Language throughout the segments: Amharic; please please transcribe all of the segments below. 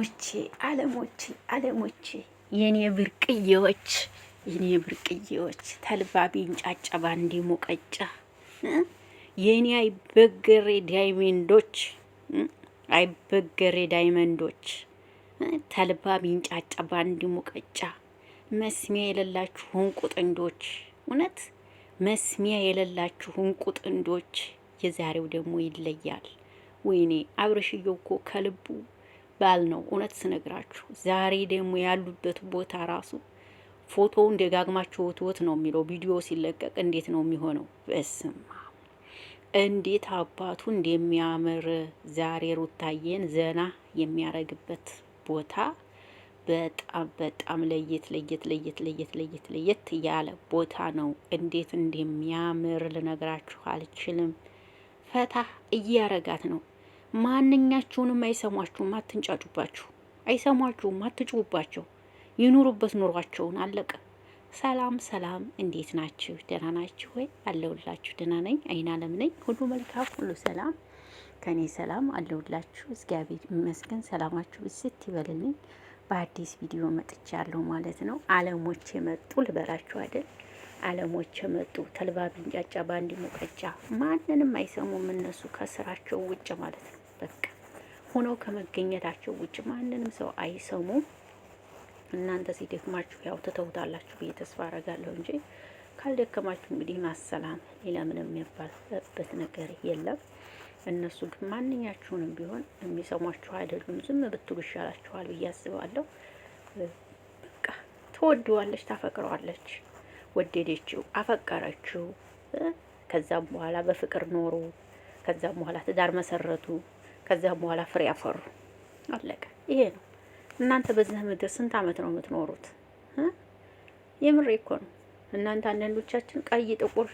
አለሞቼ አለሞቼ አለሞቼ የኔ ብርቅዬዎች የኔ ብርቅዬዎች ተልባ ቢንጫጫ ባንዴ የኔ አይበገሬ ዳይመንዶች አይበገሬ ዳይመንዶች ተልባ ቢንጫጫ ባንዴ መስሚያ የሌላችሁ እንቁ ጥንዶች እውነት መስሚያ የሌላችሁ እንቁ ጥንዶች። የዛሬው ደግሞ ይለያል። ወይኔ አብረሽዬ እኮ ከልቡ ባል ነው። እውነት ስነግራችሁ ዛሬ ደግሞ ያሉበት ቦታ ራሱ ፎቶውን ደጋግማችሁ ወትወት ነው የሚለው ቪዲዮ ሲለቀቅ እንዴት ነው የሚሆነው? በስማ እንዴት አባቱ እንደሚያምር ዛሬ ሩታዬን ዘና የሚያረግበት ቦታ በጣም በጣም ለየት ለየት ለየት ለየት ለየት ለየት ያለ ቦታ ነው። እንዴት እንደሚያምር ልነግራችሁ አልችልም። ፈታ እያረጋት ነው። ማንኛቸውንም አይሰሟችሁም፣ አትንጫጩባችሁ፣ አይሰሟችሁም፣ አትጭቡባቸው። ይኑሩበት ኑሯቸውን፣ አለቀ። ሰላም ሰላም፣ እንዴት ናችሁ? ደህና ናችሁ ወይ? አለሁላችሁ። ደህና ነኝ፣ አይን አለም ነኝ። ሁሉ መልካም፣ ሁሉ ሰላም፣ ከኔ ሰላም አለሁላችሁ። እግዚአብሔር ይመስገን። ሰላማችሁ ብስት ይበልልኝ። በአዲስ ቪዲዮ መጥቻለሁ ማለት ነው። አለሞች የመጡ ልበላችሁ አይደል? አለሞች የመጡ ተልባ ቢንጫጫ በአንድ ሙቀጫ፣ ማንንም አይሰሙም እነሱ ከስራቸው ውጭ ማለት ነው። በቃ ሆነው ከመገኘታቸው ውጭ ማንንም ሰው አይሰሙ። እናንተ ሲደክማችሁ ያው ትተውታላችሁ ብዬ ተስፋ አረጋለሁ እንጂ ካልደከማችሁ እንግዲህ ማሰላም፣ ሌላ ምንም የሚባልበት ነገር የለም። እነሱ ግን ማንኛችሁንም ቢሆን የሚሰሟችሁ አይደሉም። ዝም ብትሉ ይሻላችኋል ብዬ አስባለሁ። በቃ ትወደዋለች፣ ታፈቅረዋለች፣ ወደደችው፣ አፈቀረችው። ከዛም በኋላ በፍቅር ኖሩ። ከዛም በኋላ ትዳር መሰረቱ። ከዚያም በኋላ ፍሬ ያፈሩ። አለቀ። ይሄ ነው። እናንተ በዚህ ምድር ስንት ዓመት ነው የምትኖሩት? የምሬ እኮ ነው። እናንተ አንዳንዶቻችን ቀይ ጥቁር፣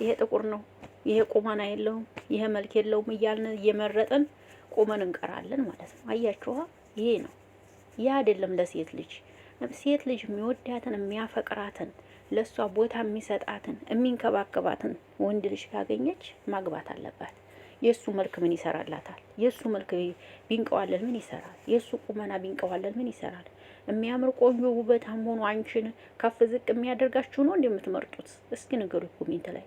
ይሄ ጥቁር ነው፣ ይሄ ቁመና የለውም፣ ይሄ መልክ የለውም እያልን እየመረጠን ቁመን እንቀራለን ማለት ነው። አያችኋ? ይሄ ነው። ይህ አይደለም ለሴት ልጅ ሴት ልጅ የሚወዳትን የሚያፈቅራትን ለእሷ ቦታ የሚሰጣትን የሚንከባከባትን ወንድ ልጅ ካገኘች ማግባት አለባት። የእሱ መልክ ምን ይሰራላታል? የእሱ መልክ ቢንቀዋለል ምን ይሰራል? የእሱ ቁመና ቢንቀዋለል ምን ይሰራል? የሚያምር ቆንጆ ውበታም ሆኖ አንቺን ከፍ ዝቅ የሚያደርጋችሁ ነው እንደምትመርጡት? እስኪ ንገሩ ኮሜንት ላይ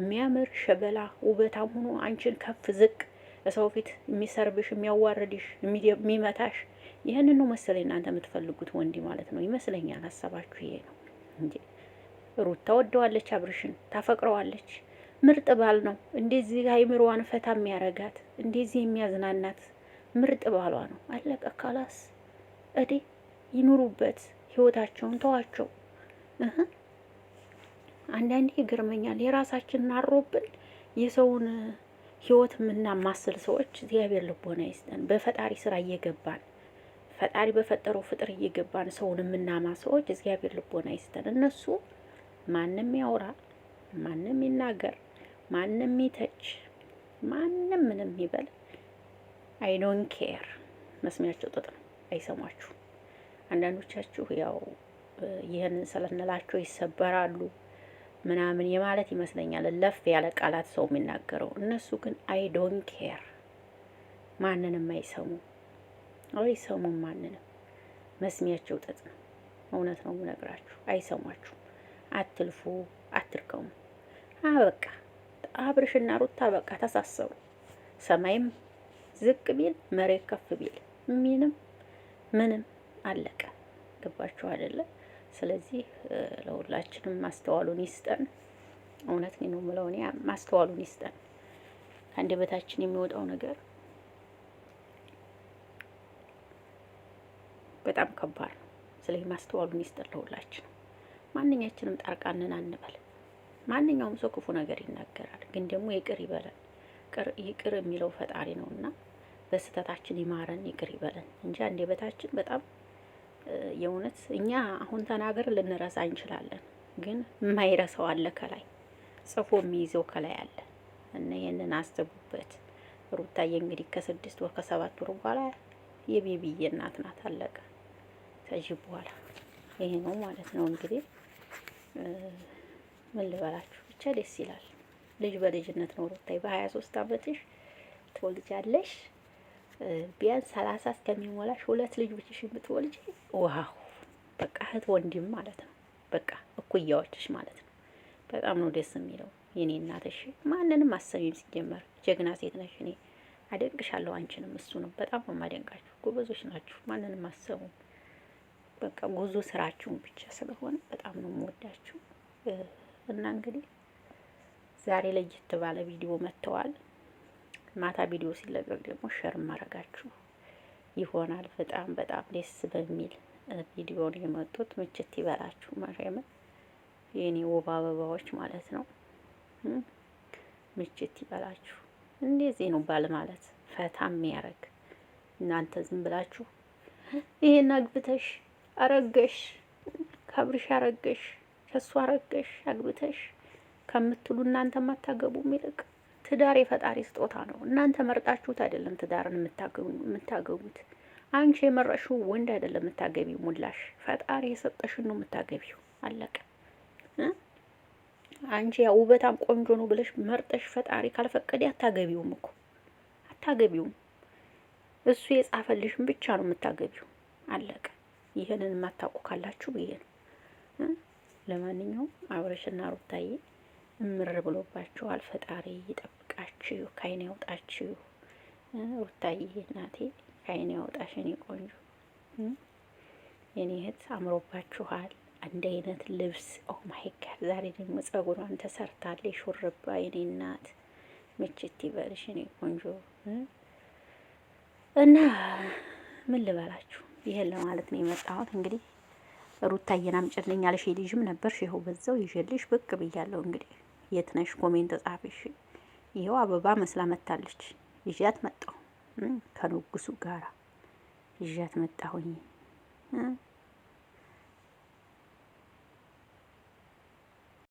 የሚያምር ሸበላ ውበታም ሆኖ አንቺን ከፍ ዝቅ ሰው ፊት የሚሰርብሽ፣ የሚያዋርድሽ፣ የሚመታሽ ይህንን ነው መሰለኝ እናንተ የምትፈልጉት ወንድ ማለት ነው ይመስለኛል። ሀሳባችሁ ይሄ ነው እንጂ ሩት ተወደዋለች፣ አብርሽን ታፈቅረዋለች። ምርጥ ባል ነው። እንደዚህ አይምሮዋን ፈታ የሚያረጋት እንደዚህ የሚያዝናናት ምርጥ ባሏ ነው። አለቀ ካላስ እዴ ይኑሩበት፣ ህይወታቸውን ተዋቸው። አንዳንዴ ይገርመኛል የራሳችንን አሮብን የሰውን ህይወት የምናማስል ሰዎች እግዚአብሔር ልቦና ይስጠን። በፈጣሪ ስራ እየገባን ፈጣሪ በፈጠረው ፍጥር እየገባን ሰውን የምናማ ሰዎች እግዚአብሔር ልቦና ይስጠን። እነሱ ማንም ያውራ ማንም ይናገር ማንም ይተች፣ ማንም ምንም ይበል፣ አይ ዶን ኬር። መስሚያቸው ጥጥ ነው፣ አይሰሟችሁ። አንዳንዶቻችሁ ያው ይህንን ስለንላቸው ይሰበራሉ ምናምን የማለት ይመስለኛል። ለፍ ያለ ቃላት ሰው የሚናገረው እነሱ ግን አይ ዶን ኬር ማንንም አይሰሙ አይሰሙም። ማንንም መስሚያቸው ጥጥ ነው። እውነት ነው የምነግራችሁ። አትልፉ፣ አትርከሙ። አበቃ። አብርሽና ሩታ በቃ ተሳሰሩ። ሰማይም ዝቅ ቢል መሬት ከፍ ቢል ምንም ምንም አለቀ። ገባችሁ አይደለ? ስለዚህ ለሁላችንም ማስተዋሉን ይስጠን። እውነት ነው የምለው እኔ ማስተዋሉን ይስጠን። በታችን የሚወጣው ነገር በጣም ከባድ ነው። ስለዚህ ማስተዋሉን ይስጠን ለሁላችንም። ማንኛችንም ጣርቃንን አንበል። ማንኛውም ሰው ክፉ ነገር ይናገራል፣ ግን ደግሞ ይቅር ይበለን። ይቅር የሚለው ፈጣሪ ነው እና በስህተታችን ይማረን፣ ይቅር ይበለን እንጂ በታችን በጣም የእውነት እኛ አሁን ተናገር ልንረሳ እንችላለን፣ ግን የማይረሳው አለ ከላይ ጽፎ የሚይዘው ከላይ አለ እና ይህንን አስቡበት። ሩታዬ እንግዲህ ከስድስት ወር ከሰባት ወር በኋላ የቤቢዬ እናት ናት። አለቀ ከዚህ በኋላ ይሄ ነው ማለት ነው እንግዲህ ምን ልበላችሁ ብቻ ደስ ይላል። ልጅ በልጅነት ነው ሩታዬ። በሀያ ሶስት አመትሽ ትወልጃለሽ። ቢያንስ ሰላሳ እስከሚሞላሽ ሁለት ልጅ ብቻሽን ብትወልጂ ዋው! በቃ እህት ወንድም ማለት ነው። በቃ እኩያዎችሽ ማለት ነው። በጣም ነው ደስ የሚለው የኔ እናትሽ። ማንንም አሰሚም ሲጀመር ጀግና ሴት ነሽ። እኔ አደንቅሻለሁ አንቺንም እሱንም በጣም ነው የማደንቃችሁ። ጎበዞች ናችሁ። ማንንም አሰሙ በቃ ጉዞ ስራችሁን ብቻ ስለሆነ በጣም ነው የምወዳችሁ። እና እንግዲህ ዛሬ ለየት ባለ ቪዲዮ መጥተዋል። ማታ ቪዲዮ ሲለቀቅ ደግሞ ሸር ማረጋችሁ ይሆናል። በጣም በጣም ደስ በሚል ቪዲዮ ነው የመጡት። ምችት ይበላችሁ። ማርያምን የኔ ውብ አበባዎች ማለት ነው። ምችት ይበላችሁ። እንደዚህ ነው ባል ማለት ፈታ የሚያደርግ እናንተ ዝም ብላችሁ ይሄን አግብተሽ አረገሽ ካብርሽ አረገሽ ለእሱ አረገሽ አግብተሽ ከምትሉ እናንተ ማታገቡም ይልቅ ትዳር የፈጣሪ ስጦታ ነው። እናንተ መርጣችሁት አይደለም ትዳርን የምታገቡት። አንቺ የመረሽው ወንድ አይደለም የምታገቢ፣ ሙላሽ ፈጣሪ የሰጠሽን ነው የምታገቢው። አለቀ። አንቺ ያው ውበታም ቆንጆ ነው ብለሽ መርጠሽ ፈጣሪ ካልፈቀደ አታገቢውም እኮ አታገቢውም። እሱ የጻፈልሽን ብቻ ነው የምታገቢው። አለቀ። ይህንን የማታውቁ ካላችሁ ይሄ ነው። ለማንኛውም አብረሽና ሩታዬ እምር ብሎባችኋል። ፈጣሪ ይጠብቃችሁ፣ ከአይን ያውጣችሁ። ሩታዬ እናቴ ከአይን ያውጣሽ የኔ ቆንጆ የኔ እህት አምሮባችኋል። አንድ አይነት ልብስ ኦ ማይ ጋድ! ዛሬ ደግሞ ጸጉሯን ተሰርታለች ሹርባ። የኔ እናት ምችት ይበልሽ የኔ ቆንጆ እና ምን ልበላችሁ፣ ይሄን ለማለት ነው የመጣሁት እንግዲህ ሩታዬን አምጪልኝ አለሽ ልጅም ነበርሽ። ይኸው በዛው ይዤልሽ ብቅ ብያለሁ። እንግዲህ የት ነሽ? ኮሜንት ጻፍሽ። ይኸው አበባ መስላ መታለች። ይዣት መጣሁ ከንጉሱ ጋራ ይዣት መጣሁኝ።